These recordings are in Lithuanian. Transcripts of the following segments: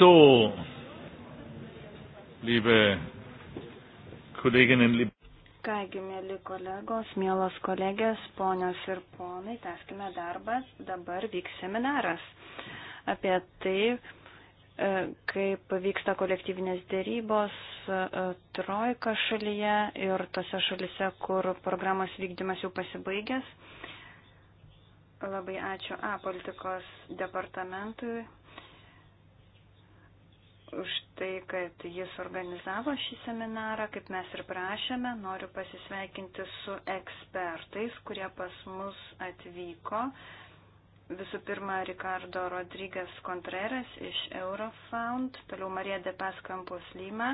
So, liebe Kolleginnen, liebe Kągi, mėly kolegos, mielos kolegės, ponios ir ponai, teskime darbą. Dabar vyks seminaras apie tai, e, kaip vyksta kolektyvinės dėrybos e, e, trojka šalyje ir tose šalise, kur programos vykdymas jau pasibaigęs. Labai ačiū A politikos departamentui už tai, kad jis organizavo šį seminarą, kaip mes ir prašėme. Noriu pasisveikinti su ekspertais, kurie pas mus atvyko. Visų pirma, Ricardo Rodrygės Contreras iš Eurofound, toliau Marija de Paskampos Lyma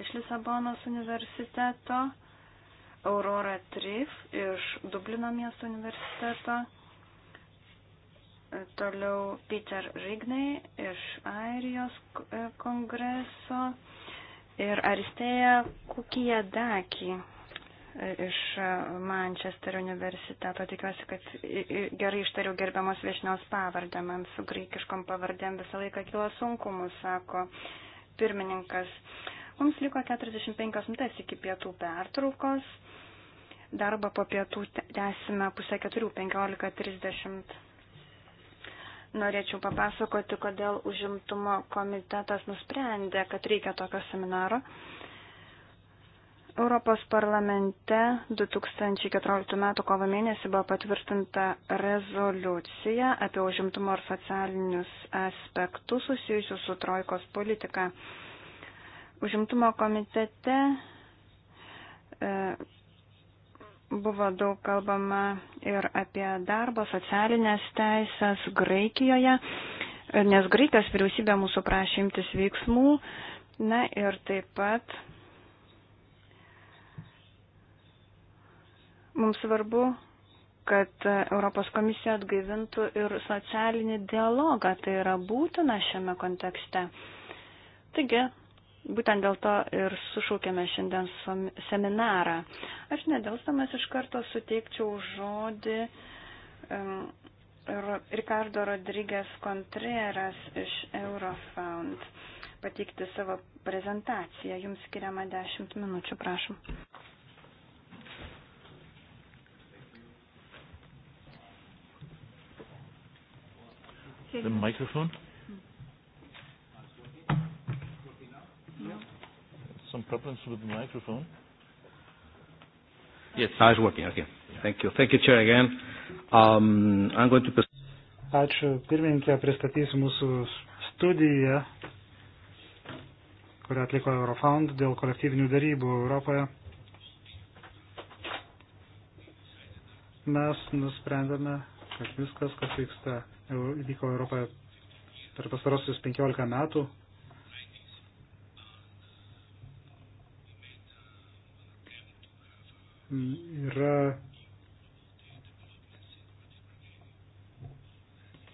iš Lisabonos universiteto, Aurora Trif iš Dublino miesto universiteto Toliau Peter Rigney iš Airijos kongreso ir Aristėja Kukija Daki iš Mančesterio universiteto. Tikiuosi, kad gerai ištariu gerbiamos viešnios pavardę. Man su graikiškom pavardėm visą laiką kilo sunkumų, sako pirmininkas. Mums liko 45 minutės iki pietų pertraukos. Darbą po pietų tęsime pusę 4.15.30. Norėčiau papasakoti, kodėl užimtumo komitetas nusprendė, kad reikia tokio seminaro. Europos parlamente 2014 m. kovo mėnesį buvo patvirtinta rezoliucija apie užimtumo ir socialinius aspektus susijusius su trojkos politika. Užimtumo komitete e, Buvo daug kalbama ir apie darbo socialinės teisės Graikijoje, nes Graikijos vyriausybė mūsų prašė imtis veiksmų. Na ir taip pat mums svarbu, kad Europos komisija atgaivintų ir socialinį dialogą. Tai yra būtina šiame kontekste. Taigi, Būtent dėl to ir sušaukėme šiandien seminarą. Aš nedėlstamas iš karto suteikčiau žodį um, Ricardo Rodrygės Kontreras iš Eurofound pateikti savo prezentaciją. Jums skiriama 10 minučių, prašom. The microphone. some problems with the microphone? Yes. Now it's working. Okay. Thank you. Thank you, Chair, again. Um, I'm going to. Ačiū. Pirmininkė, pristatysiu mūsų studiją, kurią atliko Eurofound dėl kolektyvinių darybų Europoje. Mes nusprendėme, kad viskas, kas vyksta, vyko Europoje per pastarosius 15 metų, yra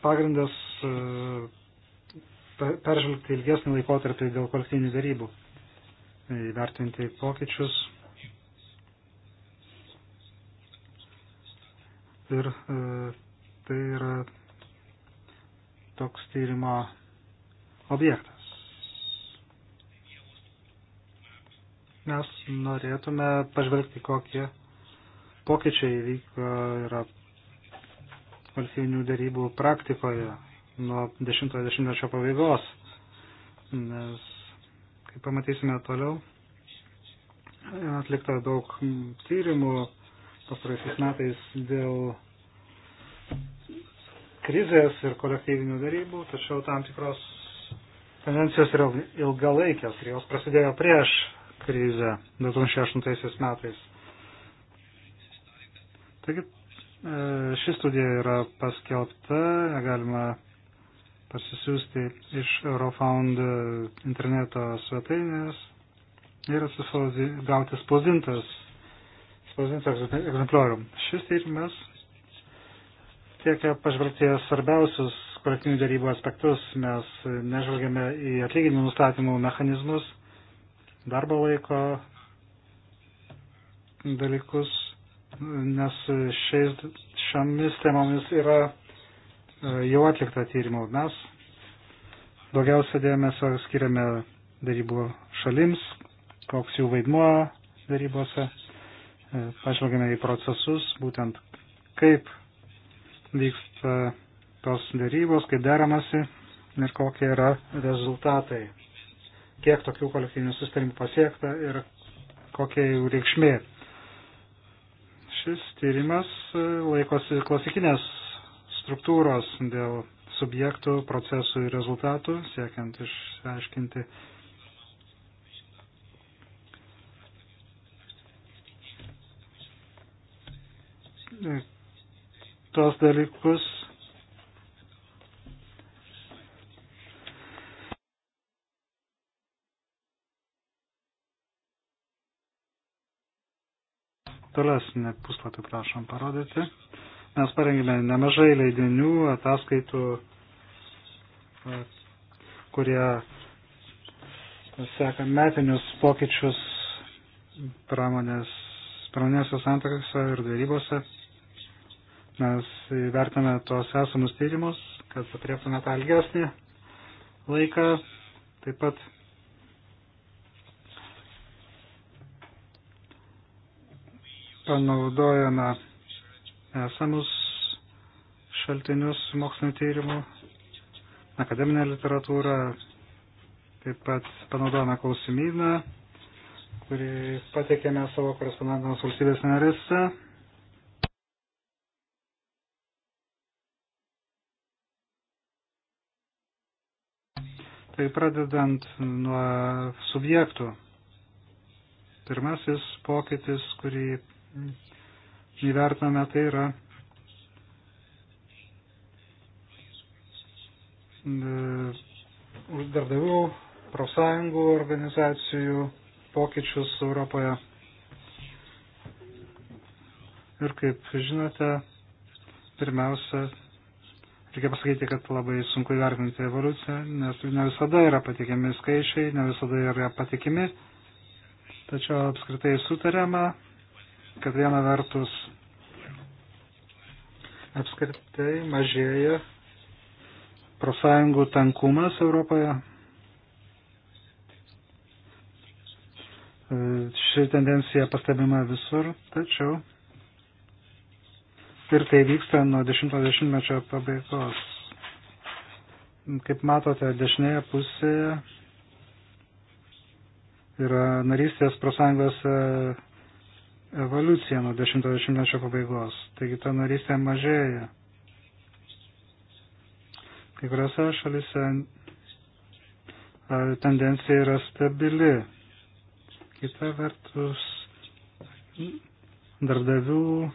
pagrindas e, peržvelgti ilgesnį laikotarpį dėl kolektyvinių darybų, e, įvertinti pokyčius ir e, tai yra toks tyrimo objektas. mes norėtume pažvelgti, kokie pokyčiai vyko yra valstybinių darybų praktikoje nuo 10-20 pabaigos, nes, kaip pamatysime toliau, atlikta daug tyrimų pastaraisiais metais dėl krizės ir kolektyvinių darybų, tačiau tam tikros tendencijos yra ilgalaikės ir jos prasidėjo prieš krizę 2008 metais. Taigi, e, ši studija yra paskelbta, galima pasisiųsti iš Eurofound interneto svetainės ir gauti spausdintas, spausdintas egzempliorių. Šis tyrimas tiekia pažvelgti svarbiausius kolektyvinių darybų aspektus. Mes nežvelgiame į atlyginimų nustatymų mechanizmus darbo laiko dalykus, nes šiais, šiomis temomis yra e, jau atlikta tyrimų. Mes daugiausia dėmesio skiriame darybų šalims, koks jų vaidmuo darybose, e, pažvelgiame į procesus, būtent kaip vyksta tos darybos, kaip deramasi ir kokie yra rezultatai kiek tokių kolektyvinių sustarimų pasiekta ir kokia jų reikšmė. Šis tyrimas e, laikosi klasikinės struktūros dėl subjektų, procesų ir rezultatų, siekiant išsiaiškinti e, tos dalykus, Tolesnį puslapį prašom parodyti. Mes parengėme nemažai leidinių, ataskaitų, e, kurie seka metinius pokyčius pramonės, pramonėse santokose ir dėrybose. Mes vertame tos esamus tyrimus, kad apriektume tą ilgesnį laiką. Taip pat panaudojame esamus šaltinius mokslinio tyrimų, akademinę literatūrą, taip pat panaudojame klausimyną, kurį patikėme savo korespondentams valstybės narėse. Tai pradedant nuo subjektų. Pirmasis pokytis, kurį įvertiname, tai yra e, darbdavių, profsąjungų organizacijų pokyčius Europoje. Ir kaip žinote, pirmiausia, reikia pasakyti, kad labai sunku įvertinti evoliuciją, nes ne visada yra patikimi skaičiai, ne visada yra patikimi, tačiau apskritai sutariama, kad viena vertus apskritai mažėja profsąjungų tankumas Europoje. E, ši tendencija pastebima visur, tačiau ir tai vyksta nuo 10-mečio pabaigos. Kaip matote, dešinėje pusėje yra narystės prosąjungos e, evoliucija nuo 10-20 pabaigos. Taigi ta narystė mažėja. Kai kuriuose šalise tendencija yra stabili. Kita vertus, darbdavių e,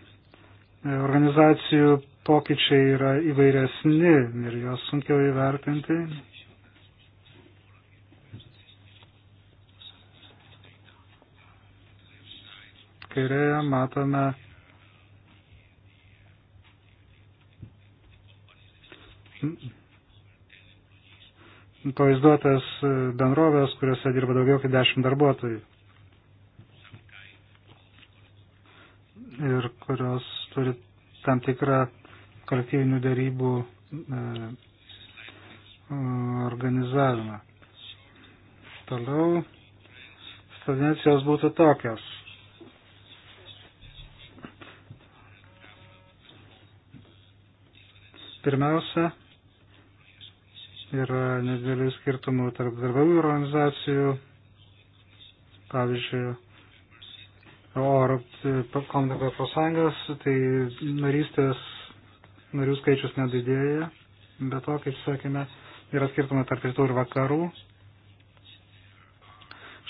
organizacijų pokyčiai yra įvairesni ir juos sunkiau įvertinti, kairėje matome pavaizduotas bendrovės, kuriuose dirba daugiau kaip 10 darbuotojų. Ir kurios turi tam tikrą kolektyvinių darybų e, organizavimą. Toliau tendencijos būtų tokios. Pirmiausia, yra nedėlių skirtumų tarp darbavų organizacijų, pavyzdžiui, oro komiteto profsąjungas, tai narystės narių skaičius nedidėja, bet to, kaip sakėme, yra skirtumai tarp rytų ir vakarų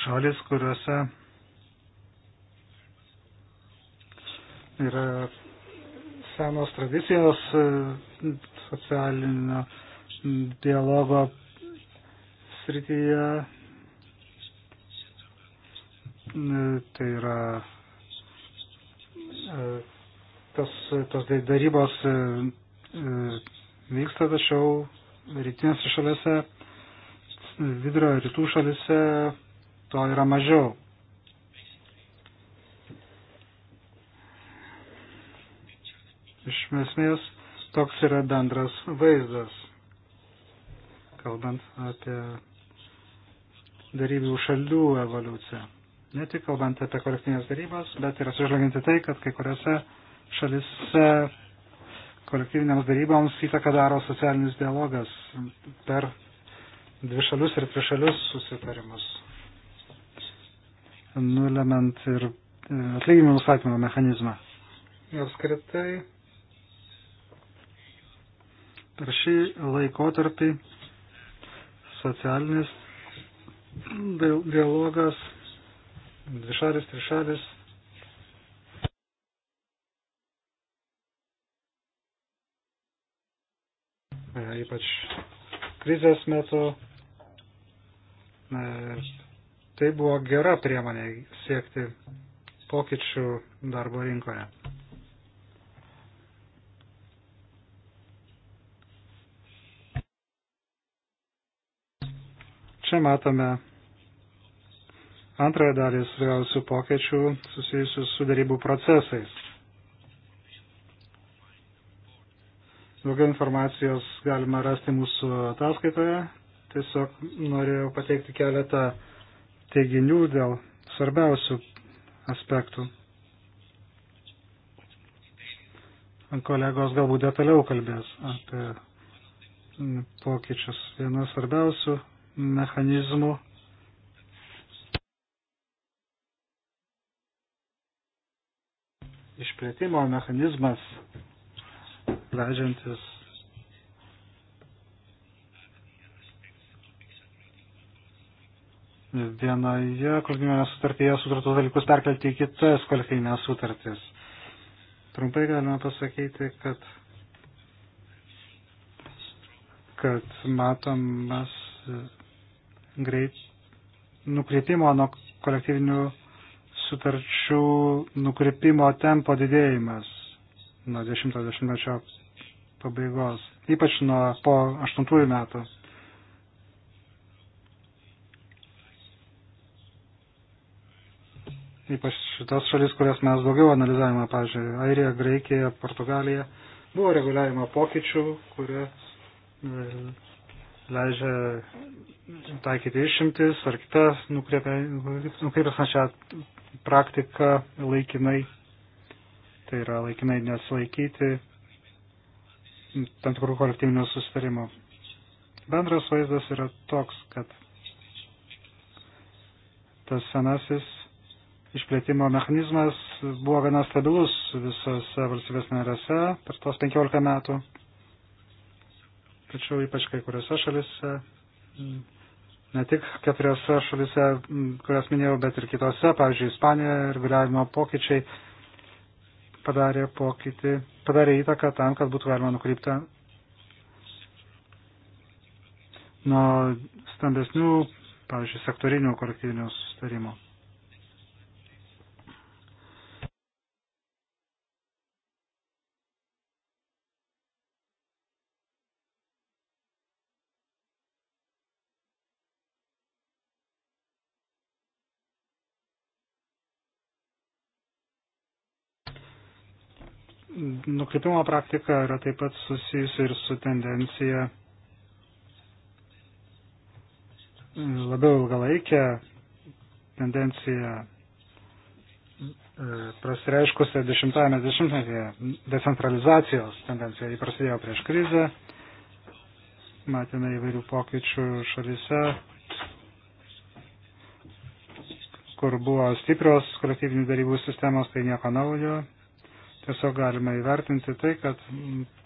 šalis, kuriuose yra senos tradicijos e, socialinio dialogo srityje. E, tai yra e, tas, tos darybos vyksta, tačiau rytinėse šalise, vidurio rytų šalise to yra mažiau. esmės toks yra bendras vaizdas, kalbant apie darybių šalių evoliuciją. Ne tik kalbant apie kolektyvinės darybas, bet ir atsižvelginti tai, kad kai kuriuose šalise kolektyvinėms daryboms įtaką daro socialinis dialogas per dvišalius ir trišalius susitarimus, nulemant ir e, atlyginimų nustatymo mechanizmą. Apskritai, Per šį laikotarpį socialinis dialogas, dvišalis, trišalis, e, ypač krizės metu. E, tai buvo gera priemonė siekti pokyčių darbo rinkoje. Čia matome antrąją dalį svarbiausių pokyčių susijusių su darybų procesais. Daugiau informacijos galima rasti mūsų ataskaitoje. Tiesiog norėjau pateikti keletą teiginių dėl svarbiausių aspektų. Kolegos galbūt detaliau kalbės apie pokyčius. Vienas svarbiausių mechanizmų. Išplėtimo mechanizmas leidžiantis vienoje kolektyvinėje sutartyje sutartus dalykus perkelti į kitas kolektyvinės sutartis. Trumpai galima pasakyti, kad, kad matomas greit nukreipimo nuo kolektyvinių sutarčių nukreipimo tempo didėjimas nuo 10-mečio pabaigos, ypač nuo po 8 metų. Ypač šitas šalis, kurias mes daugiau analizavome, pavyzdžiui, Airija, Graikija, Portugalija, buvo reguliavimo pokyčių, kurie e, leidžia taikyti išimtis ar kitas nukreipęs na šią praktiką laikinai, tai yra laikinai nesilaikyti tam tikrų kolektyvinių susitarimų. Bendras vaizdas yra toks, kad tas senasis išplėtimo mechanizmas buvo gana stabilus visose valstybės narėse per tos 15 metų tačiau ypač kai kuriuose šalise, ne tik keturiose šalise, kurias minėjau, bet ir kitose, pavyzdžiui, Ispanijoje reguliavimo pokyčiai padarė, pokytį, padarė įtaką tam, kad būtų galima nukrypti nuo stambesnių, pavyzdžiui, sektorinių kolektyvinių sustarimų. nukreipimo praktika yra taip pat susijusi ir su tendencija labiau ilgalaikė tendencija e, prasireiškusi 10-ame dešimtmetyje decentralizacijos tendencija. Ji prasidėjo prieš krizę, matėme įvairių pokyčių šalise, kur buvo stiprios kolektyvinių darybų sistemos, tai nieko naujo. Tiesiog galima įvertinti tai, kad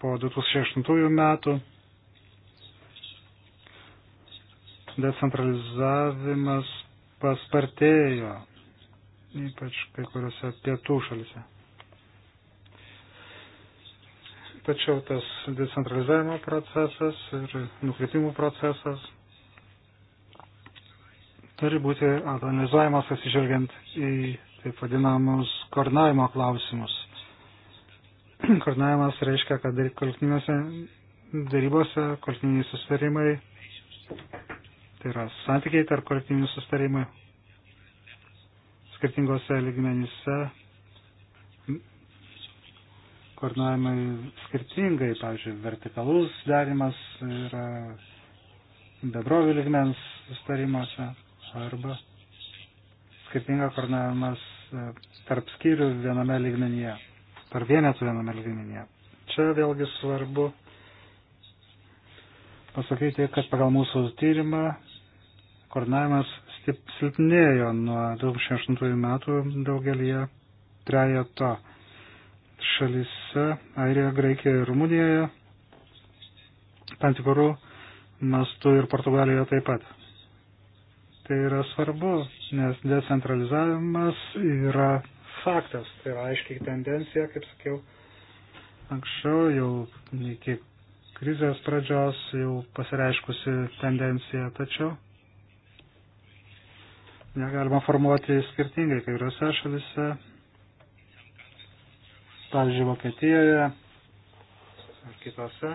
po 2008 metų decentralizavimas paspartėjo, ypač kai kuriuose pietų šalise. Tačiau tas decentralizavimo procesas ir nukreipimų procesas turi būti analizuojamas atsižvelgiant į taip vadinamus koordinavimo klausimus. Koordinavimas reiškia, kad kolektyvinėse darybose kolektyviniai susitarimai, tai yra santykiai tarp kolektyvinių susitarimai skirtingose lygmenyse koordinavimai skirtingai, pavyzdžiui, vertikalus darimas yra bendrovių ligmens sustarimuose arba skirtinga koordinavimas e, tarp skyrių viename ligmenyje per vienetų viename lygmenyje. Čia vėlgi svarbu pasakyti, kad pagal mūsų tyrimą koordinavimas silpnėjo nuo 2008 metų daugelie trejato šalise, Airijoje, Graikijoje ir Rumunijoje, tam tikrų mastų ir Portugalijoje taip pat. Tai yra svarbu, nes decentralizavimas yra faktas, tai yra aiškiai tendencija, kaip sakiau, anksčiau jau iki krizės pradžios jau pasireiškusi tendencija, tačiau negalima formuoti skirtingai kai kuriuose šalise, pavyzdžiui, Vokietijoje ar kitose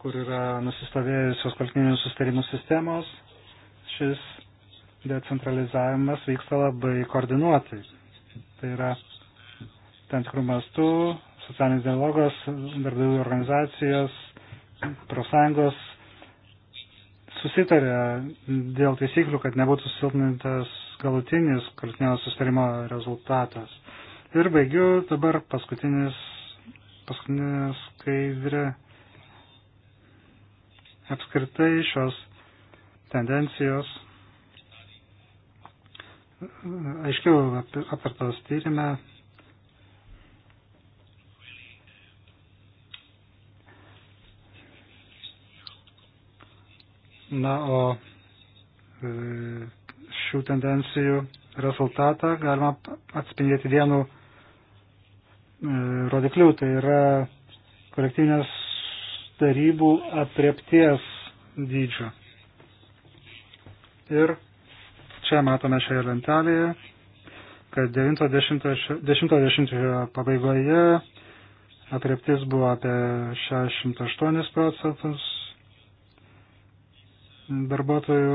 kur yra nusistovėjusios kolektyvinių sustarimų sistemos, šis decentralizavimas vyksta labai koordinuotai. Tai yra tam tikrų mastų, socialinis dialogas, darbdavių organizacijos, profsąjungos susitarė dėl taisyklių, kad nebūtų silpnintas galutinis kurtinio sustarimo rezultatas. Ir baigiu dabar paskutinis, paskutinis skaidrė apskritai šios tendencijos aiškiau aptartos tyrimę. Na, o e, šių tendencijų rezultatą galima atspindėti vienu e, rodikliu, tai yra kolektyvinės darybų apriepties dydžio. Ir Čia matome šioje lentelėje, kad 90-ojo pabaigoje apreptis buvo apie 68 procentus darbuotojų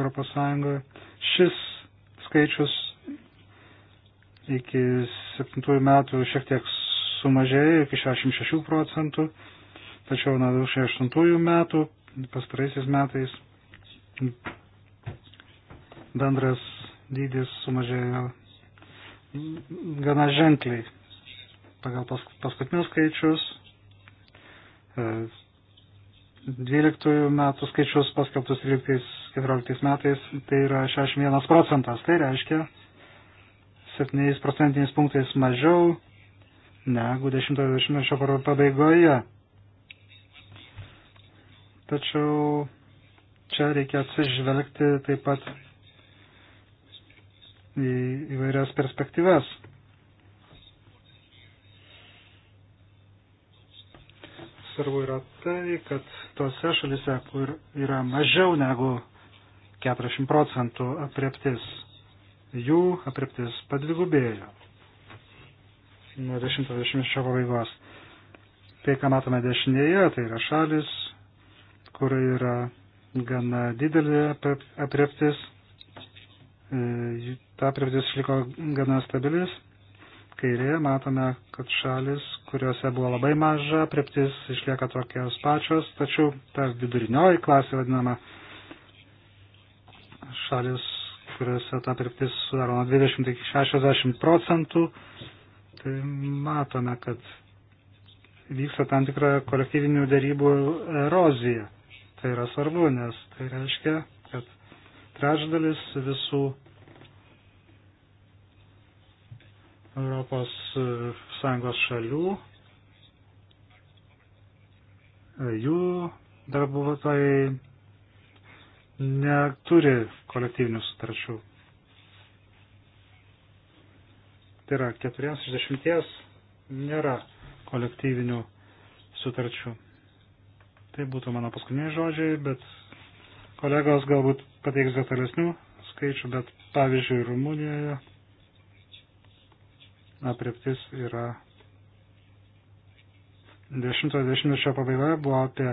Europos Sąjungoje. Šis skaičius iki 7 metų šiek tiek sumažėjo iki 66 procentų, tačiau nuo 2008 metų pastaraisiais metais bendras dydis sumažėjo gana ženkliai. Pagal pas, paskutinius skaičius, 12 e, metų skaičius paskelbtus 13-14 metais, tai yra 61 procentas. Tai reiškia 7 procentiniais punktais mažiau negu 10-20 pabaigoje. Tačiau čia reikia atsižvelgti taip pat į įvairias perspektyvas. Svarbu yra tai, kad tose šalise, kur yra mažiau negu 40 procentų apreptis, jų apreptis padvigubėjo nuo 10-20 pabaigos. Tai, ką matome dešinėje, tai yra šalis, kur yra gana didelė apreptis. E, ta privatis išliko gana stabilis. Kairėje matome, kad šalis, kuriuose buvo labai maža, prieptis išlieka tokios pačios, tačiau ta vidurinioji klasė vadinama šalis, kuriuose ta prieptis sudaro nuo 20 iki 60 procentų, tai matome, kad vyksta tam tikra kolektyvinių darybų erozija. Tai yra svarbu, nes tai reiškia, trečdalis visų Europos e, Sąjungos šalių, e, jų darbuotojai neturi kolektyvinių sutarčių. Tai yra, keturiems iš dešimties nėra kolektyvinių sutarčių. Tai būtų mano paskutiniai žodžiai, bet Kolegos galbūt pateiks detalesnių skaičių, bet pavyzdžiui, Rumunijoje apriptis yra 10-20 pabaigoje buvo apie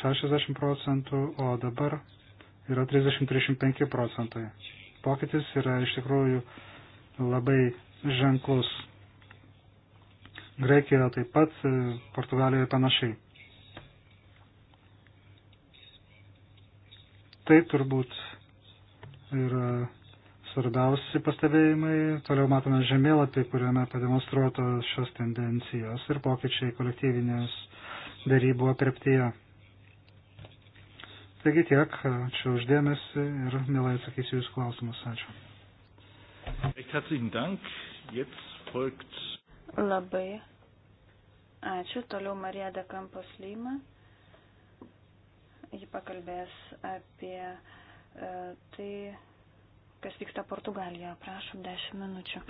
60 procentų, o dabar yra 30-35 procentai. Pokytis yra iš tikrųjų labai ženklus. Graikijoje taip pat, Portugalijoje panašiai. Tai turbūt yra svarbiausi pastebėjimai. Toliau matome žemėlapį, kuriame pademonstruoto šios tendencijos ir pokyčiai kolektyvinės darybų apreptyje. Taigi tiek, ačiū uždėmesi ir mielai atsakysiu Jūsų klausimus. Ačiū. Labai. Ačiū. Toliau Marija de Campos Lyma ji pakalbės apie e, tai, kas vyksta Portugalijoje. Prašom, 10 minučių.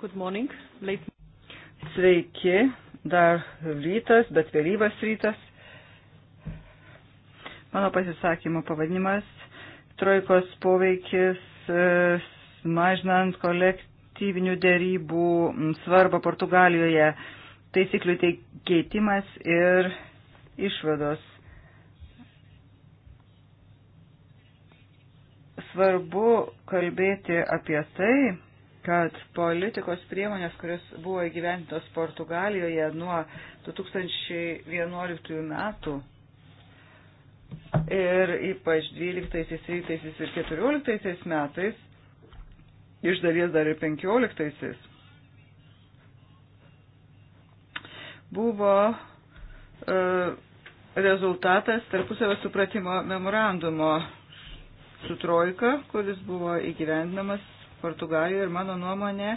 Good morning. Late... Sveiki, dar rytas, bet vėlyvas rytas. Mano pasisakymo pavadinimas - Trojkos poveikis e, mažinant kolektyvinių dėrybų svarbą Portugalijoje, taisyklių keitimas ir išvados. Svarbu kalbėti apie tai, kad politikos priemonės, kurios buvo įgyventos Portugalijoje nuo 2011 metų ir ypač 12, 13 ir 14 metais, iš dalies dar ir 15, buvo e, rezultatas tarpusavio supratimo memorandumo su trojka, kuris buvo įgyvendinamas Portugalijoje ir mano nuomonė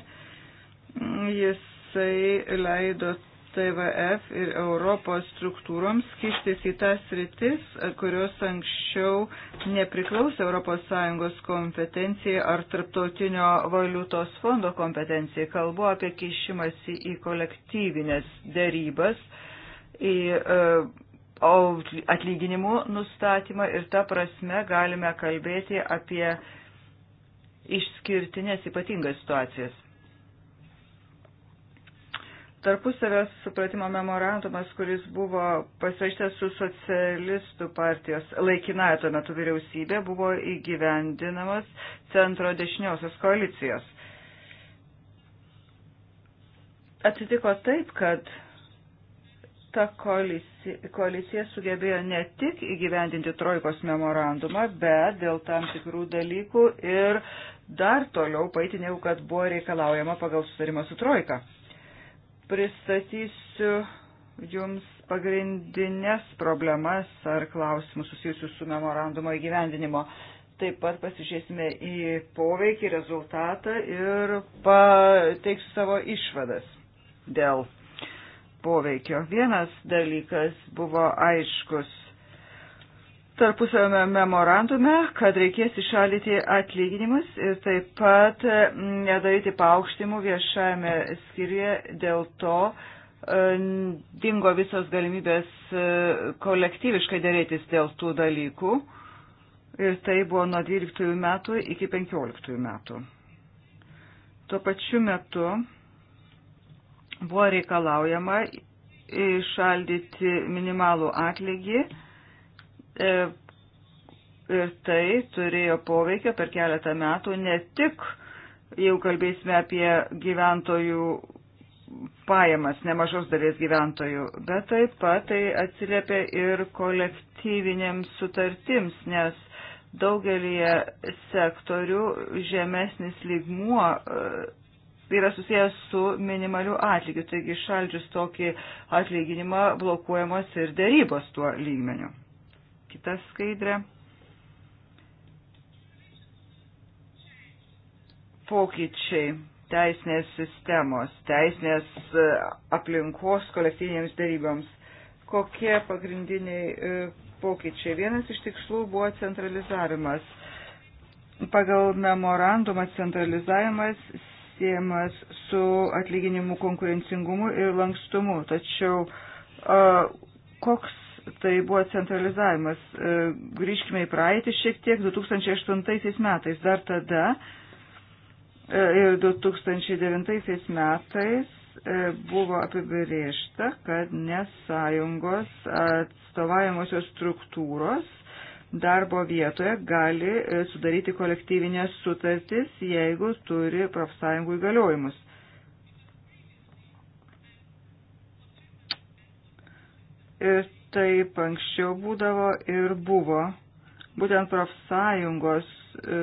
mm, jisai leido TVF ir Europos struktūroms kištis į tas rytis, kurios anksčiau nepriklausė ES kompetencijai ar tarptautinio valiutos fondo kompetencijai. Kalbu apie kišimąsi į kolektyvinės dėrybas, į e, atlyginimų nustatymą ir tą prasme galime kalbėti apie išskirtinės ypatingas situacijas. Tarpusavės supratimo memorandumas, kuris buvo pasirašytas su socialistų partijos laikinaja tuo metu vyriausybė, buvo įgyvendinamas centro dešiniosios koalicijos. Atsitiko taip, kad ta koalicija, koalicija sugebėjo ne tik įgyvendinti trojkos memorandumą, bet dėl tam tikrų dalykų ir dar toliau paėti, negu kad buvo reikalaujama pagal susitarimą su trojka. Pristatysiu Jums pagrindinės problemas ar klausimus susijusius su memorandumo įgyvendinimo. Taip pat pasižiūrėsime į poveikį, rezultatą ir pateiksiu savo išvadas dėl poveikio. Vienas dalykas buvo aiškus tarpusavio memorandume, kad reikės išalyti atlyginimus ir taip pat mm, nedaryti paaukštimų viešajame skirje dėl to, e, dingo visos galimybės e, kolektyviškai dėrėtis dėl tų dalykų ir tai buvo nuo 12 metų iki 15 metų. Tuo pačiu metu buvo reikalaujama išaldyti minimalų atlygį e, ir tai turėjo poveikio per keletą metų ne tik, jau kalbėsime apie gyventojų pajamas nemažos dalies gyventojų, bet taip pat tai atsiliepia ir kolektyvinėms sutartims, nes daugelį sektorių žemesnis lygmuo e, Tai yra susijęs su minimaliu atlygiu. Taigi šaldžius tokį atlyginimą blokuojamos ir dėrybos tuo lygmeniu. Kita skaidrė. Pokyčiai teisinės sistemos, teisinės e, aplinkos kolektyvinėms dėryboms. Kokie pagrindiniai e, pokyčiai? Vienas iš tikslų buvo centralizavimas. Pagal memorandumą centralizavimas siemas su atlyginimu konkurencingumu ir lankstumu. Tačiau koks tai buvo centralizavimas? E, grįžkime į praeitį šiek tiek, 2008 metais dar tada e, ir 2009 metais e, buvo apibrėžta, kad nesąjungos atstovavimosios struktūros darbo vietoje gali e, sudaryti kolektyvinės sutartis, jeigu turi profsąjungų įgaliojimus. Ir e, taip anksčiau būdavo ir buvo. Būtent profsąjungos e,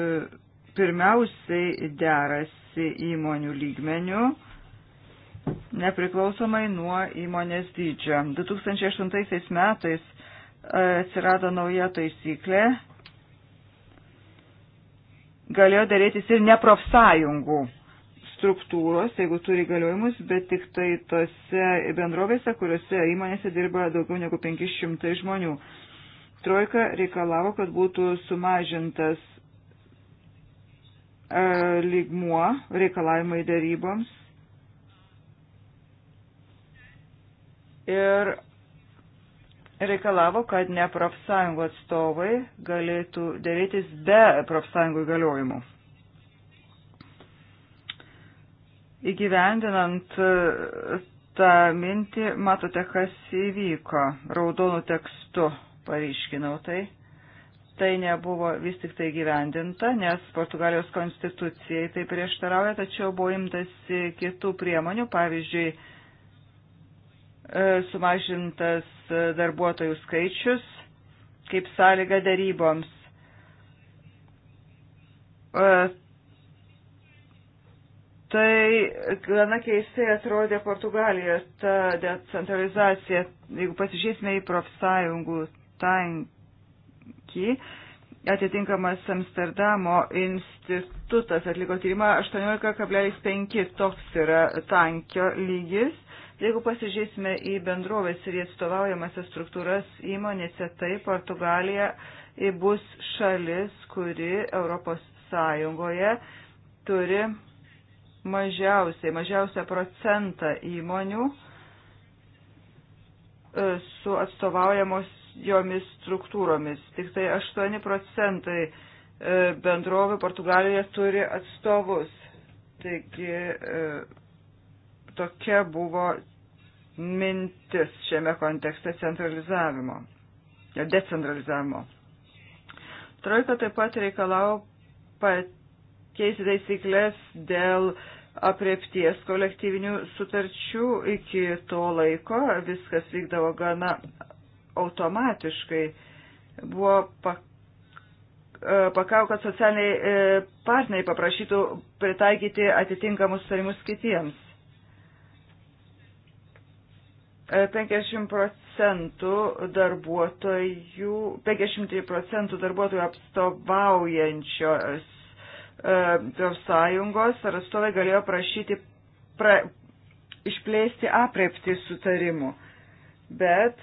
pirmiausiai derasi įmonių lygmenių nepriklausomai nuo įmonės dydžio. 2008 metais atsirado nauja taisyklė. Galėjo darytis ir neprofsąjungų struktūros, jeigu turi galiojimus, bet tik tai tose bendrovėse, kuriuose įmonėse dirba daugiau negu 500 žmonių. Trojka reikalavo, kad būtų sumažintas e, lygmuo reikalavimai daryboms. Ir reikalavo, kad ne profsąjungų atstovai galėtų dėrėtis be profsąjungų įgaliojimų. Įgyvendinant e, tą mintį, matote, kas įvyko. Raudonų tekstu pareiškinau tai. Tai nebuvo vis tik tai gyvendinta, nes Portugalijos konstitucijai tai prieštarauja, tačiau buvo imtasi kitų priemonių, pavyzdžiui, E, sumažintas darbuotojų skaičius kaip sąlyga daryboms. E, tai gana keistai atrodė Portugalijoje ta decentralizacija. Jeigu pasižiūrėsime į profsąjungų tankį, atitinkamas Amsterdamo institutas atliko tyrimą 18,5 toks yra tankio lygis. Jeigu pasižiūrėsime į bendrovės ir į atstovaujamasias struktūras įmonėse, tai Portugalija bus šalis, kuri Europos Sąjungoje turi mažiausiai, mažiausią procentą įmonių e, su atstovaujamos jomis struktūromis. Tik tai 8 procentai e, bendrovių Portugalijoje turi atstovus. Taigi e, Tokia buvo mintis šiame kontekste centralizavimo, decentralizavimo. Trojka taip pat reikalavo pakeisti taisyklės dėl apriepties kolektyvinių sutarčių. Iki to laiko viskas vykdavo gana automatiškai. Buvo pakankamai e, pakau, kad socialiniai e, partneriai paprašytų pritaikyti atitinkamus sutarimus kitiems. 50 procentų darbuotojų, 50 procentų darbuotojų atstovaujančios profsąjungos e, ar atstovai galėjo prašyti pra, išplėsti aprepti sutarimų. Bet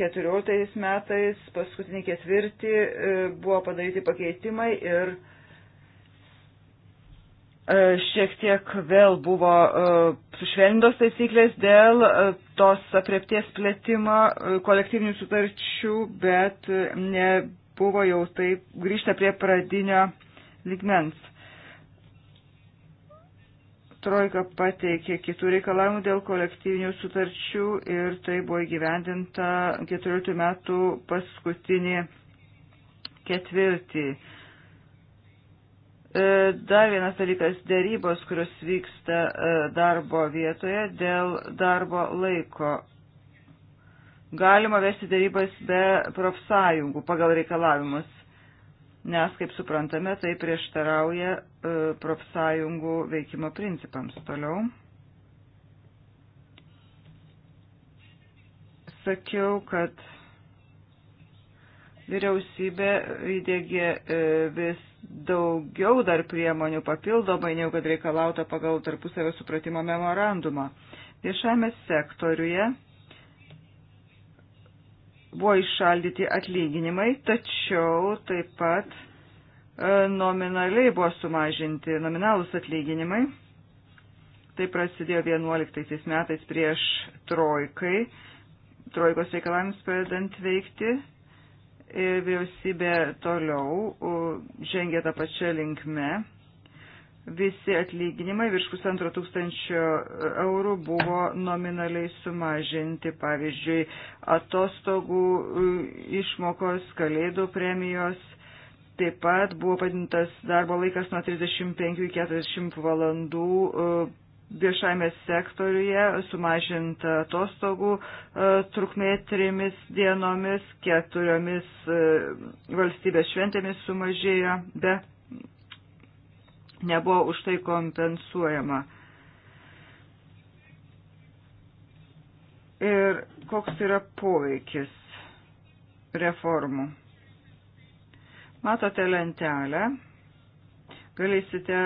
14 metais paskutinį ketvirtį e, buvo padaryti pakeitimai ir e, E, šiek tiek vėl buvo e, sušvelnintos taisyklės dėl e, tos apriepties plėtimo kolektyvinių sutarčių, bet nebuvo jau taip grįžta prie pradinio ligmens. Trojka pateikė kitų reikalavimų dėl kolektyvinių sutarčių ir tai buvo įgyvendinta 14 metų paskutinį ketvirtį. E, dar vienas dalykas - dėrybos, kurios vyksta e, darbo vietoje dėl darbo laiko. Galima vesti dėrybas be profsąjungų pagal reikalavimus, nes, kaip suprantame, tai prieštarauja e, profsąjungų veikimo principams. Toliau. Sakiau, kad Vyriausybė įdėgė e, vis daugiau dar priemonių papildomai, negu kad reikalauta pagal tarpusavio supratimo memorandumą. Viešame sektoriuje buvo išaldyti atlyginimai, tačiau taip pat e, nominaliai buvo sumažinti nominalus atlyginimai. Tai prasidėjo 11 metais prieš trojkai, trojkos reikalavimus pradedant veikti vyriausybė toliau žengia tą pačią linkmę. Visi atlyginimai virš pusantro tūkstančio eurų buvo nominaliai sumažinti, pavyzdžiui, atostogų išmokos, kalėdų premijos. Taip pat buvo padintas darbo laikas nuo 35 iki 40 valandų viešajame sektoriuje sumažinta atostogų e, trukmė trimis dienomis, keturiomis e, valstybės šventėmis sumažėjo, be nebuvo už tai kompensuojama. Ir koks yra poveikis reformų? Matote lentelę galėsite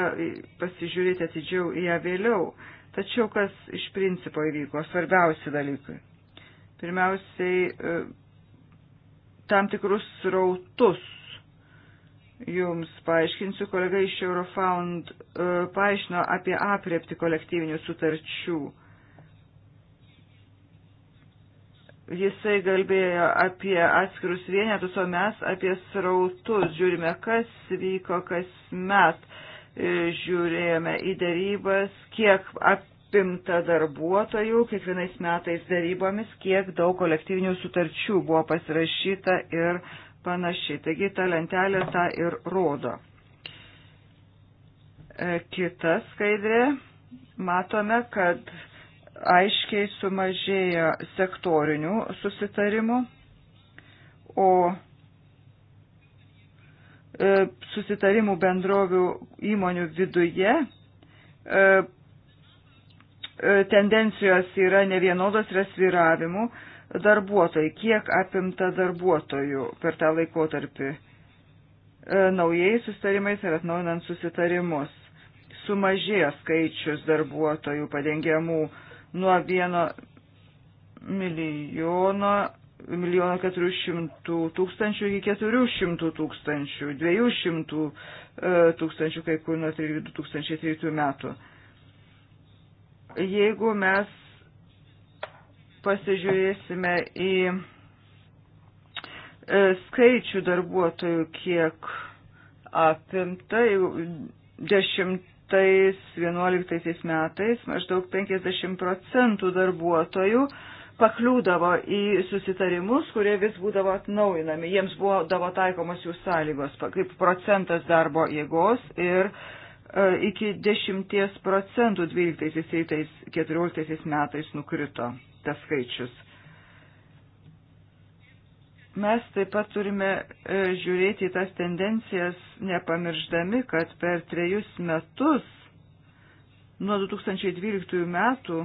pasižiūrėti atidžiau į ją vėliau. Tačiau kas iš principo įvyko, svarbiausi dalykai. Pirmiausiai, e, tam tikrus rautus jums paaiškinsiu, kolega iš Eurofound e, paaiškino apie apriepti kolektyvinių sutarčių. Jisai kalbėjo apie atskirus vienetus, o mes apie srautus. Žiūrime, kas vyko, kas met. E, žiūrėjome į darybas, kiek apimta darbuotojų kiekvienais metais darybomis, kiek daug kolektyvinių sutarčių buvo pasirašyta ir panašiai. Taigi ta lentelė tą ir rodo. E, kita skaidrė. Matome, kad aiškiai sumažėjo sektorinių susitarimų, o e, susitarimų bendrovių įmonių viduje e, e, tendencijos yra nevienodos, yra sviravimų darbuotojai, kiek apimta darbuotojų per tą laikotarpį naujais susitarimais ar atnaujinant susitarimus. Sumažėjo skaičius darbuotojų padengiamų uh, nuo 1 milijono, milijono 400 tūkstančių iki 400 tūkstančių, 200 e, tūkstančių kai kur nuo 2003 metų. Jeigu mes pasižiūrėsime į e, skaičių darbuotojų, kiek apimta, dešimtis 2011 metais maždaug 50 procentų darbuotojų pakliūdavo į susitarimus, kurie vis būdavo atnaujinami. Jiems buvo davo taikomos jų sąlygos, kaip procentas darbo jėgos ir e, iki 10 procentų 12-14 metais nukrito tas skaičius. Mes taip pat turime e, žiūrėti į tas tendencijas, nepamirždami, kad per trejus metus nuo 2012 metų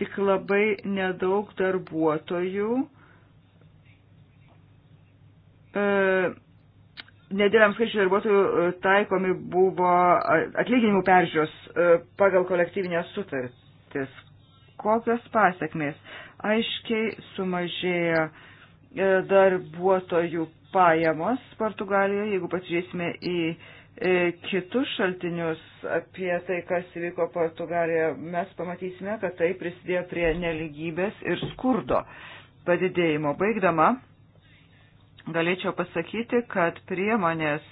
tik labai nedaug darbuotojų e, nedėliam skaičiui darbuotojų e, taikomi buvo atlyginimų peržiūros pagal kolektyvinės sutartis. Kokios pasiekmės? aiškiai sumažėjo e, darbuotojų pajamos Portugalijoje, jeigu pasižiūrėsime į e, kitus šaltinius apie tai, kas įvyko Portugalijoje, mes pamatysime, kad tai prisidėjo prie neligybės ir skurdo padidėjimo. Baigdama, galėčiau pasakyti, kad priemonės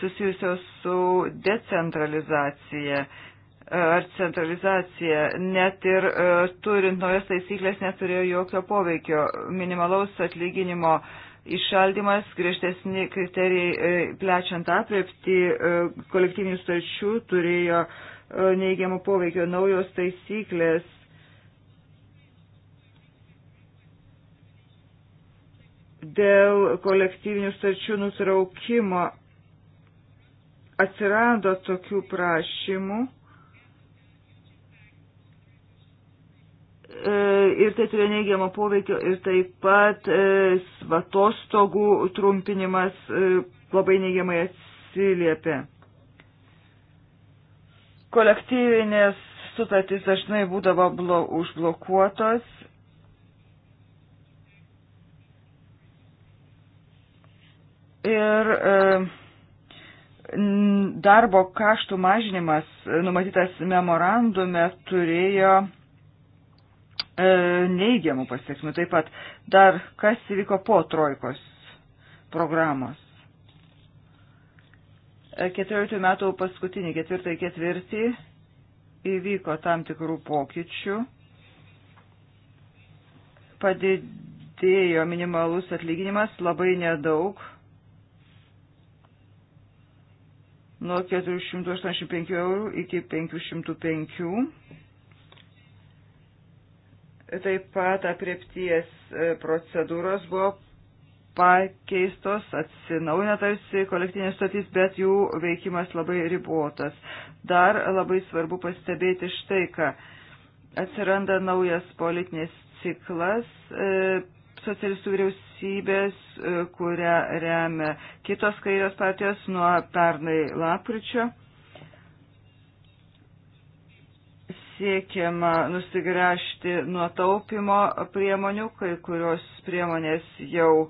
susijusios su decentralizacija ar centralizacija, net ir e, turint naujas taisyklės, neturėjo jokio poveikio. Minimalaus atlyginimo išaldymas, griežtesni kriterijai e, plečiant apriepti e, kolektyvinių starčių turėjo neigiamų poveikio naujos taisyklės. Dėl kolektyvinių starčių nutraukimo atsirado tokių prašymų E, ir tai turėjo neigiamą poveikio ir taip pat e, svatostogų trumpinimas e, labai neigiamai atsiliepia. Kolektyvinės sutartys dažnai būdavo blo, užblokuotos. Ir e, darbo kaštų mažinimas numatytas memorandume turėjo E, neigiamų pasiekmių. Taip pat dar kas įvyko po trojkos programos. 14 e, metų paskutinį ketvirtą į ketvirtį įvyko tam tikrų pokyčių. Padidėjo minimalus atlyginimas labai nedaug. Nuo 485 eurų iki 505. Taip pat apriepties e, procedūros buvo pakeistos, atsinaujina tarsi kolektyvinės statys, bet jų veikimas labai ribotas. Dar labai svarbu pastebėti štai, ką atsiranda naujas politinės ciklas e, socialistų vyriausybės, e, kurią remia kitos kairios partijos nuo pernai lapkričio. siekiama nusigręžti nuo taupimo priemonių, kai kurios priemonės jau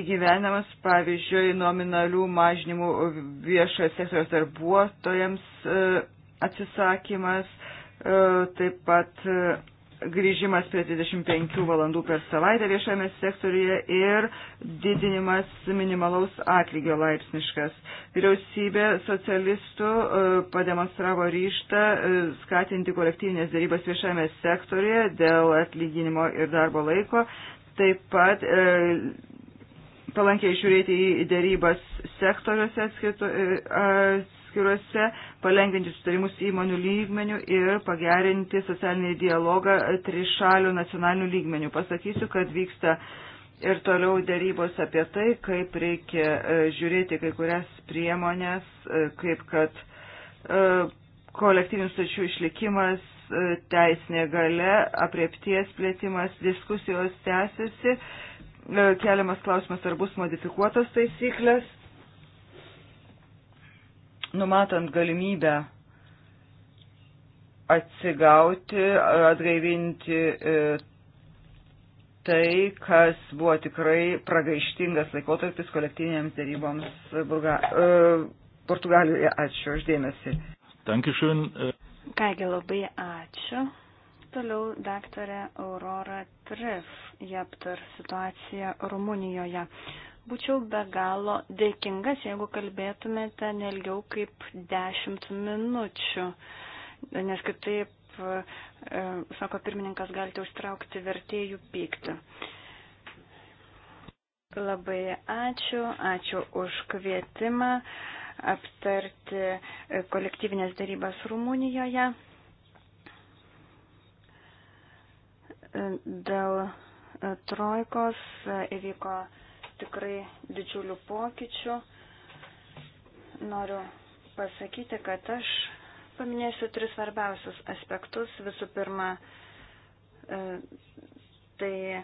įgyvenamas, pavyzdžiui, nominalių mažinimų viešojo sektoriaus darbuotojams e, atsisakymas, e, taip pat e, grįžimas prie 35 valandų per savaitę viešame sektoriuje ir didinimas minimalaus atlygio laipsniškas. Vyriausybė socialistų e, pademonstravo ryštą e, skatinti kolektyvinės dėrybas viešame sektoriuje dėl atlyginimo ir darbo laiko. Taip pat e, palankiai žiūrėti į dėrybas sektoriuose atskiruose, palengvinti sutarimus įmonių lygmenių ir pagerinti socialinį dialogą trišalių nacionalinių lygmenių. Pasakysiu, kad vyksta ir toliau dėrybos apie tai, kaip reikia e, žiūrėti kai kurias priemonės, e, kaip kad e, kolektyvinių stačių išlikimas, teisinė gale, apriepties plėtimas, diskusijos tęsiasi, keliamas klausimas, ar bus modifikuotos taisyklės numatant galimybę atsigauti, atgaivinti e, tai, kas buvo tikrai pragaištingas laikotarpis kolektyvinėms daryboms Burga, e, Portugalijoje. Ačiū uždėmesi. Dankišin. E. Kągi labai ačiū. Toliau daktarė Aurora Trif, jie aptar situaciją Rumunijoje. Būčiau be galo dėkingas, jeigu kalbėtumėte nelgiau kaip 10 minučių, nes kitaip, e, sako pirmininkas, galite užtraukti vertėjų pyktį. Labai ačiū, ačiū už kvietimą aptarti kolektyvinės darybas Rumunijoje. Dėl e, trojkos e, įvyko tikrai didžiulių pokyčių. Noriu pasakyti, kad aš paminėsiu tris svarbiausius aspektus. Visų pirma, e, tai e,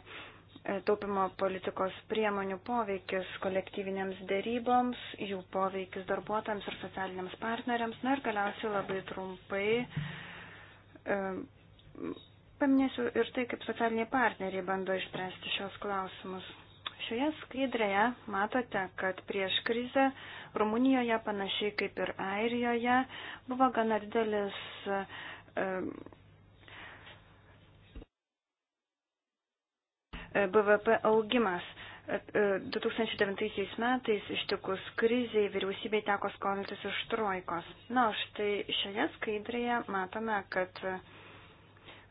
taupimo politikos priemonių poveikis kolektyvinėms dėryboms, jų poveikis darbuotojams ir socialiniams partneriams. Na ir galiausiai labai trumpai e, paminėsiu ir tai, kaip socialiniai partneriai bando išspręsti šios klausimus. Šioje skaidrėje matote, kad prieš krizę Rumunijoje, panašiai kaip ir Airijoje, buvo gana didelis BVP augimas. 2009 e, metais ištikus kriziai vyriausybei teko skolintis iš trojkos. Na, štai šioje skaidrėje matome, kad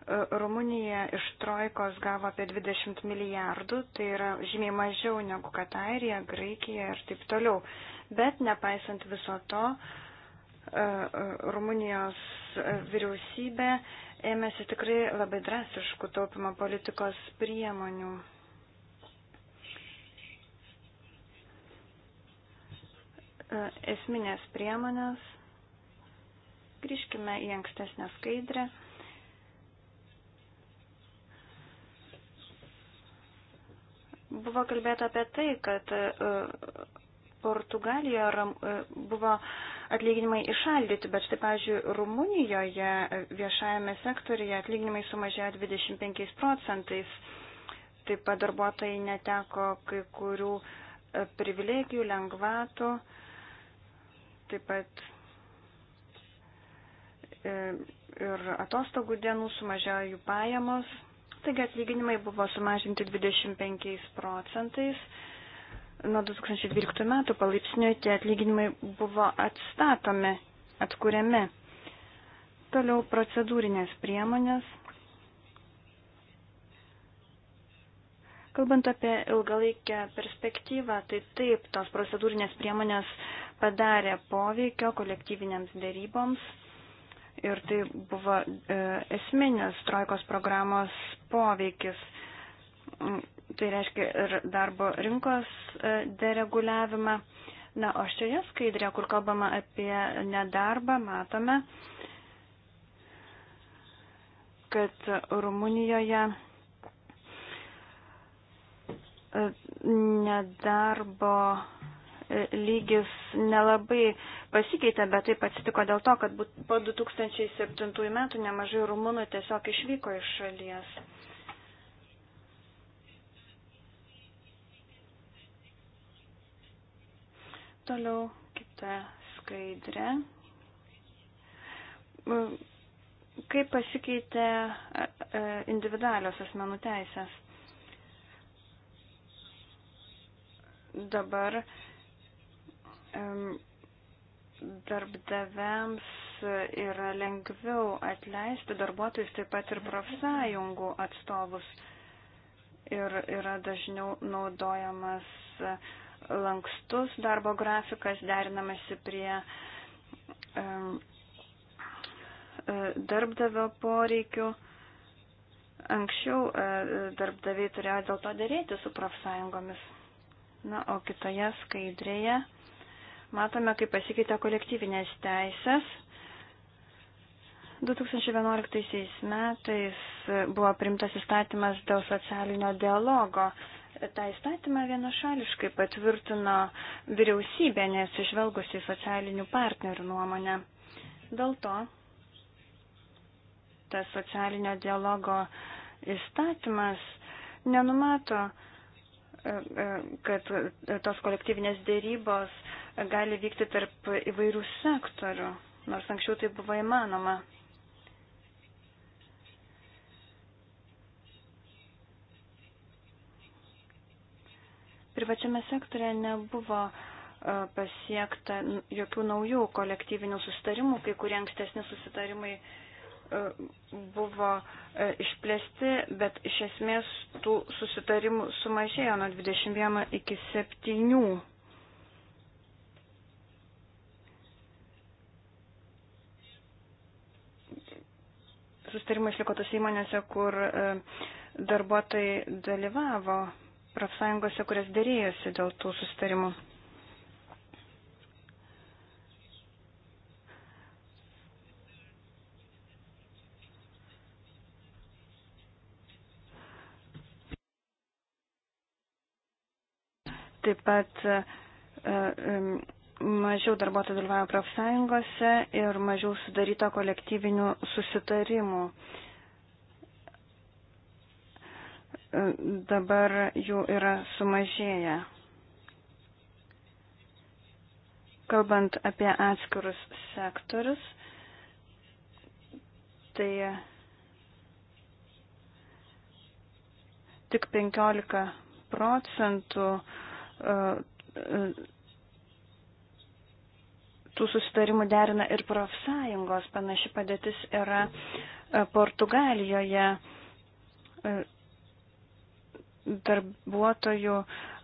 E, Rumunija iš trojkos gavo apie 20 milijardų, tai yra žymiai mažiau negu kad Airija, Graikija ir taip toliau. Bet nepaisant viso to, e, e, Rumunijos vyriausybė ėmėsi tikrai labai drastiškų taupimo politikos priemonių. Esminės priemonės. Grįžkime į ankstesnę skaidrę. Buvo kalbėta apie tai, kad e, Portugalijoje e, buvo atlyginimai išaldyti, bet štai, pavyzdžiui, Rumunijoje e, viešajame sektoriuje atlyginimai sumažėjo 25 procentais. Taip pat darbuotojai neteko kai kurių privilegijų, lengvatų. Taip pat ir atostogų dienų sumažėjo jų pajamos. Taigi atlyginimai buvo sumažinti 25 procentais. Nuo 2012 metų palaipsniui tie atlyginimai buvo atstatomi, atkuriami. Toliau procedūrinės priemonės. Kalbant apie ilgalaikę perspektyvą, tai taip, tos procedūrinės priemonės padarė poveikio kolektyviniams dėryboms, ir tai buvo e, esminis trojkos programos poveikis. Mm, tai reiškia ir darbo rinkos e, dereguliavimą. Na, o šioje skaidrė, kur kalbama apie nedarbą, matome, kad Rumunijoje e, nedarbo lygis nelabai pasikeitė, bet taip atsitiko dėl to, kad po 2007 metų nemažai rumunų tiesiog išvyko iš šalies. Toliau kita skaidrė. Kaip pasikeitė e, e, individualios asmenų teisės? Dabar uh, darbdaviams yra lengviau atleisti darbuotojus, taip pat ir profsąjungų atstovus. Ir yra dažniau naudojamas lankstus darbo grafikas, derinamasi prie e, darbdavio poreikių. Anksčiau e, darbdaviai turėjo dėl to dėrėti su profsąjungomis. Na, o kitoje skaidrėje Matome, kaip pasikeitė kolektyvinės teisės. 2011 metais buvo primtas įstatymas dėl socialinio dialogo. Ta įstatymą vienašališkai patvirtino vyriausybė, nes išvelgusi socialinių partnerių nuomonę. Dėl to tas socialinio dialogo įstatymas nenumato, e, e, kad tos kolektyvinės dėrybos gali vykti tarp įvairių sektorių, nors anksčiau tai buvo įmanoma. Privačiame sektorėje nebuvo e, pasiekta jokių naujų kolektyvinių sustarimų, kai kurie ankstesni susitarimai e, buvo e, išplėsti, bet iš esmės tų susitarimų sumažėjo nuo 21 iki 7. sustarimai išliko tose įmonėse, kur e, darbuotojai dalyvavo profsąjungose, kurias dėrėjosi dėl tų sustarimų. Taip pat e, e, mažiau darbuotojų dalyvauja profsąjungose ir mažiau sudaryta kolektyvinių susitarimų. Dabar jų yra sumažėję. Kalbant apie atskirus sektorius, tai tik 15 procentų e, tų susitarimų derina ir profsąjungos. Panaši padėtis yra e, Portugalijoje e, darbuotojų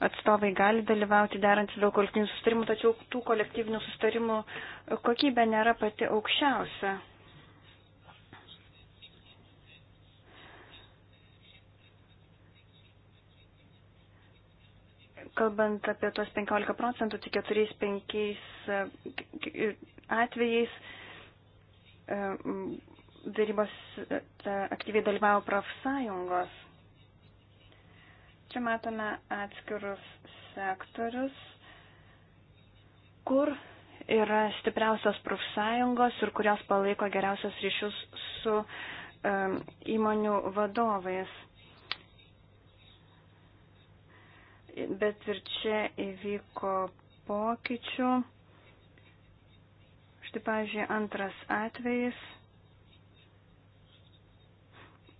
atstovai gali dalyvauti derantis dėl kolektyvinių sustarimų, tačiau tų kolektyvinių sustarimų kokybė nėra pati aukščiausia. kalbant apie tos 15 procentų, tik 4-5 e, atvejais e, darybos e, aktyviai dalyvavo profsąjungos. Čia matome atskirus sektorius, kur yra stipriausios profsąjungos ir kurios palaiko geriausios ryšius su um, įmonių vadovais. bet ir čia įvyko pokyčių. Štai, pavyzdžiui, antras atvejis.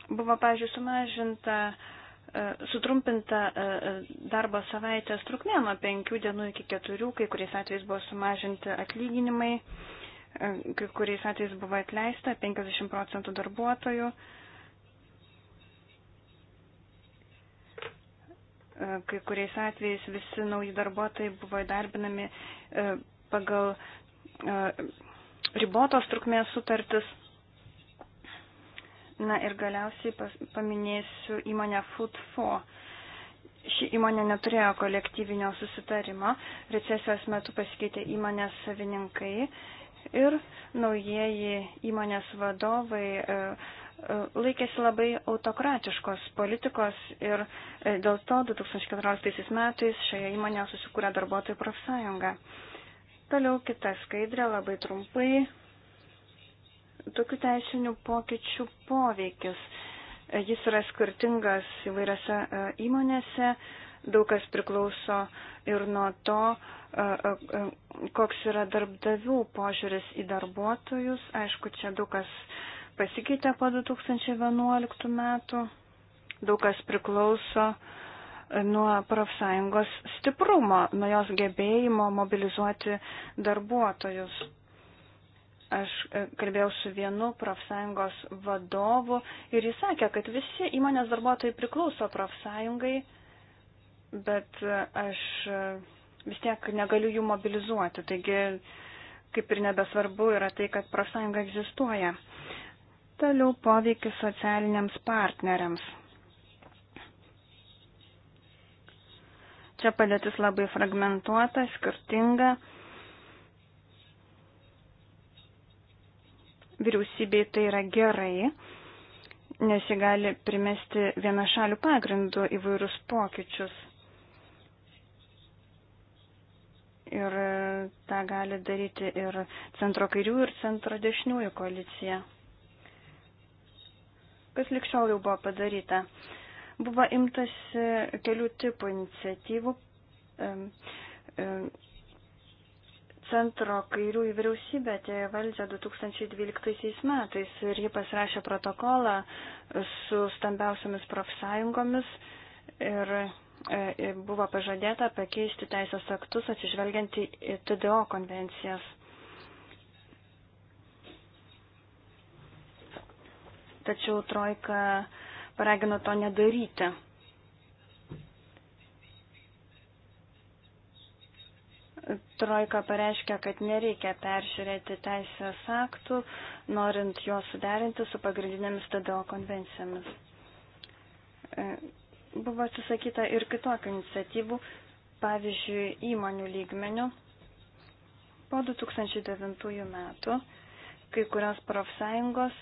Buvo, pavyzdžiui, sumažinta, e, sutrumpinta e, e, darbo savaitės trukmė nuo penkių dienų iki keturių, kai kuriais atvejais buvo sumažinti atlyginimai, kai kuriais atvejais buvo atleista 50 procentų darbuotojų. kai kuriais atvejais visi nauji darbuotojai buvo įdarbinami e, pagal e, ribotos trukmės sutartis. Na ir galiausiai pas, paminėsiu įmonę Food4. Ši įmonė neturėjo kolektyvinio susitarimo, recesijos metu pasikeitė įmonės savininkai ir naujieji įmonės vadovai e, E, laikėsi labai autokratiškos politikos ir e, dėl to 2014 metais šioje įmonėje susikūrė darbuotojų profsąjunga. Toliau kita skaidrė labai trumpai. Tokių teisinių pokyčių poveikis. E, jis yra skirtingas įvairiose įmonėse. Daug kas priklauso ir nuo to, koks yra darbdavių požiūris į darbuotojus. Aišku, čia daug kas pasikeitė po 2011 metų. Daug kas priklauso nuo profsąjungos stiprumo, nuo jos gebėjimo mobilizuoti darbuotojus. Aš e, kalbėjau su vienu profsąjungos vadovu ir jis sakė, kad visi įmonės darbuotojai priklauso profsąjungai, bet e, aš e, vis tiek negaliu jų mobilizuoti. Taigi, kaip ir nebesvarbu yra tai, kad profsąjunga egzistuoja. Toliau poveikis socialiniams partneriams. Čia padėtis labai fragmentuota, skirtinga. Vyriausybei tai yra gerai, nes jie gali primesti vienašalių pagrindų įvairius pokyčius. Ir tą gali daryti ir centro kairių, ir centro dešiniųjų koalicija kas likščiau jau buvo padaryta. Buvo imtasi kelių tipų iniciatyvų. Centro kairiųjų vyriausybė atėjo valdžią 2012 metais ir ji pasirašė protokolą su stambiausiamis profsąjungomis ir e, buvo pažadėta pakeisti teisės aktus atsižvelgiant į TDO konvencijas. tačiau Trojka paragino to nedaryti. Trojka pareiškia, kad nereikia peržiūrėti teisės aktų, norint juos suderinti su pagrindinėmis TDO konvencijomis. E, buvo atsisakyta ir kitokių iniciatyvų, pavyzdžiui, įmonių lygmenių. Po 2009 metų kai kurios profsąjungos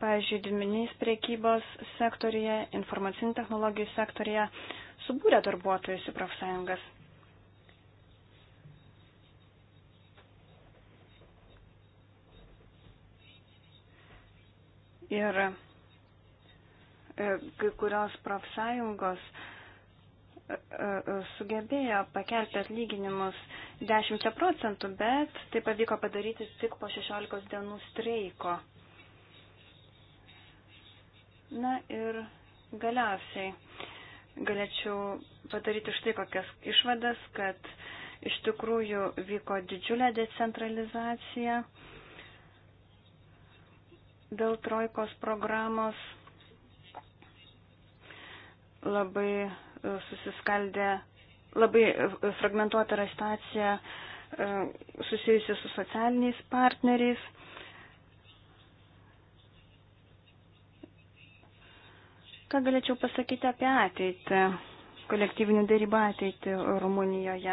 pavyzdžiui, didmenys priekybos sektorija, informacinių technologijų sektorija, subūrė darbuotojus į profsąjungas. Ir e, kai kurios profsąjungos e, e, sugebėjo pakelti atlyginimus 10 procentų, bet tai pavyko padaryti tik po 16 dienų streiko. Na ir galiausiai galėčiau padaryti štai kokias išvadas, kad iš tikrųjų vyko didžiulė decentralizacija dėl trojkos programos. Labai e, susiskaldė, labai e, fragmentuota yra situacija e, susijusi su socialiniais partneriais. Ką galėčiau pasakyti apie ateitį, kolektyvinių darybą ateitį Rumunijoje?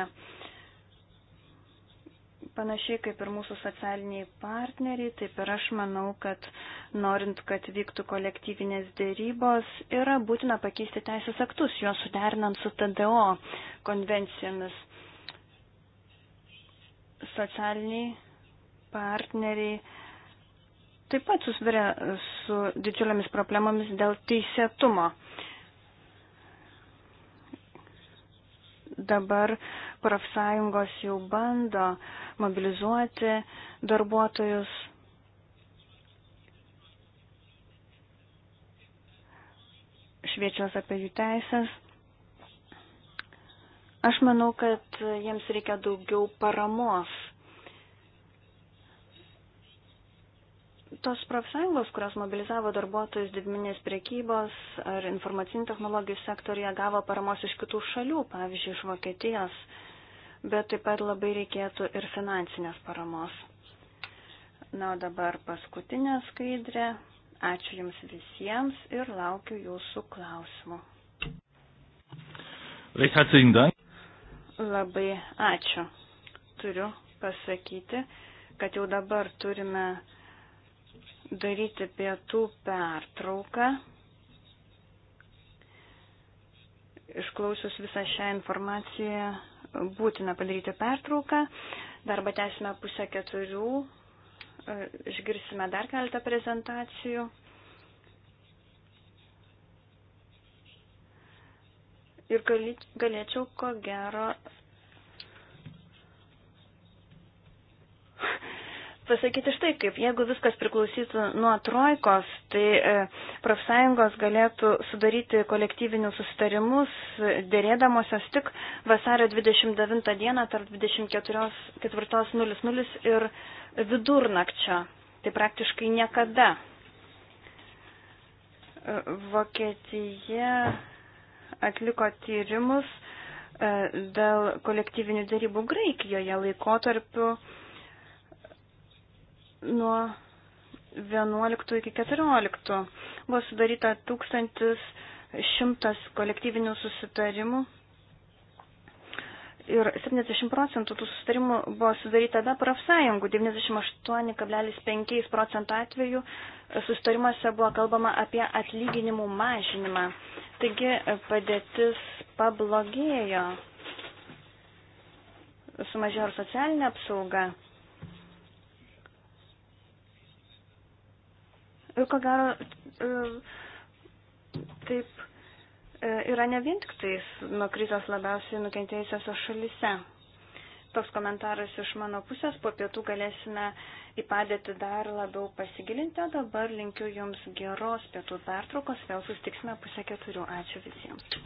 Panašiai kaip ir mūsų socialiniai partneriai, taip ir aš manau, kad norint, kad vyktų kolektyvinės dėrybos, yra būtina pakeisti teisės aktus, juos suderinant su TDO konvencijomis socialiniai partneriai taip pat susiduria su didžiuliamis problemomis dėl teisėtumo. Dabar profsąjungos jau bando mobilizuoti darbuotojus. Šviečios apie jų teisės. Aš manau, kad jiems reikia daugiau paramos Tos profsąjungos, kurios mobilizavo darbuotojus didminės priekybos ar informacinių technologijų sektorija, gavo paramos iš kitų šalių, pavyzdžiui, iš Vokietijos, bet taip pat labai reikėtų ir finansinės paramos. Na, o dabar paskutinė skaidrė. Ačiū Jums visiems ir laukiu Jūsų klausimų. Labai ačiū. Turiu pasakyti, kad jau dabar turime daryti pietų pertrauką. Išklausius visą šią informaciją, būtina padaryti pertrauką. Darbą tęsime pusę keturių. Išgirsime dar keletą prezentacijų. Ir galėčiau, ko gero, pasakyti štai kaip, jeigu viskas priklausytų nuo trojkos, tai e, profsąjungos galėtų sudaryti kolektyvinius sustarimus, e, dėrėdamosios tik vasario 29 dieną tarp 24.00 ir vidurnakčio. Tai praktiškai niekada. E, Vokietija atliko tyrimus dėl kolektyvinių dėrybų Graikijoje laikotarpiu nuo 11 iki 14 buvo sudaryta 1100 kolektyvinių susitarimų ir 70 procentų tų sustarimų buvo sudaryta be profsąjungų, 98,5 procentų atveju sustarimuose buvo kalbama apie atlyginimų mažinimą. Taigi padėtis pablogėjo, sumažėjo ir socialinė apsauga. Ir ko gero, e, taip e, yra ne vien tik tais nuo krizės labiausiai nukentėjusiose šalise. Toks komentaras iš mano pusės, po pietų galėsime į padėtį dar labiau pasigilinti, o dabar linkiu Jums geros pietų pertraukos, vėl sustiksime pusę keturių. Ačiū visiems.